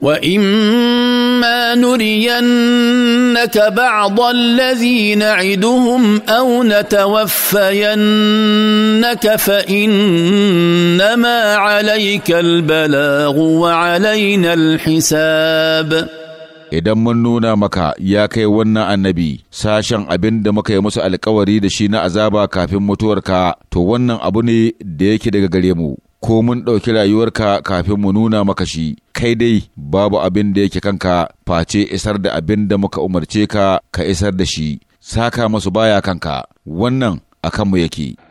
واما نرينك بعض الذي نعدهم او نتوفينك فانما عليك البلاغ وعلينا الحساب idan mun nuna maka ya kai wannan annabi sashen abin da muka yi musu alkawari da shi na azaba kafin mutuwarka to wannan abu ne da yake daga gare mu ko mun ɗauki rayuwarka kafin mu nuna maka shi kai dai babu abin da yake kanka face isar da abin da muka umarce ka ka isar da shi saka masu baya kanka wannan akan mu yake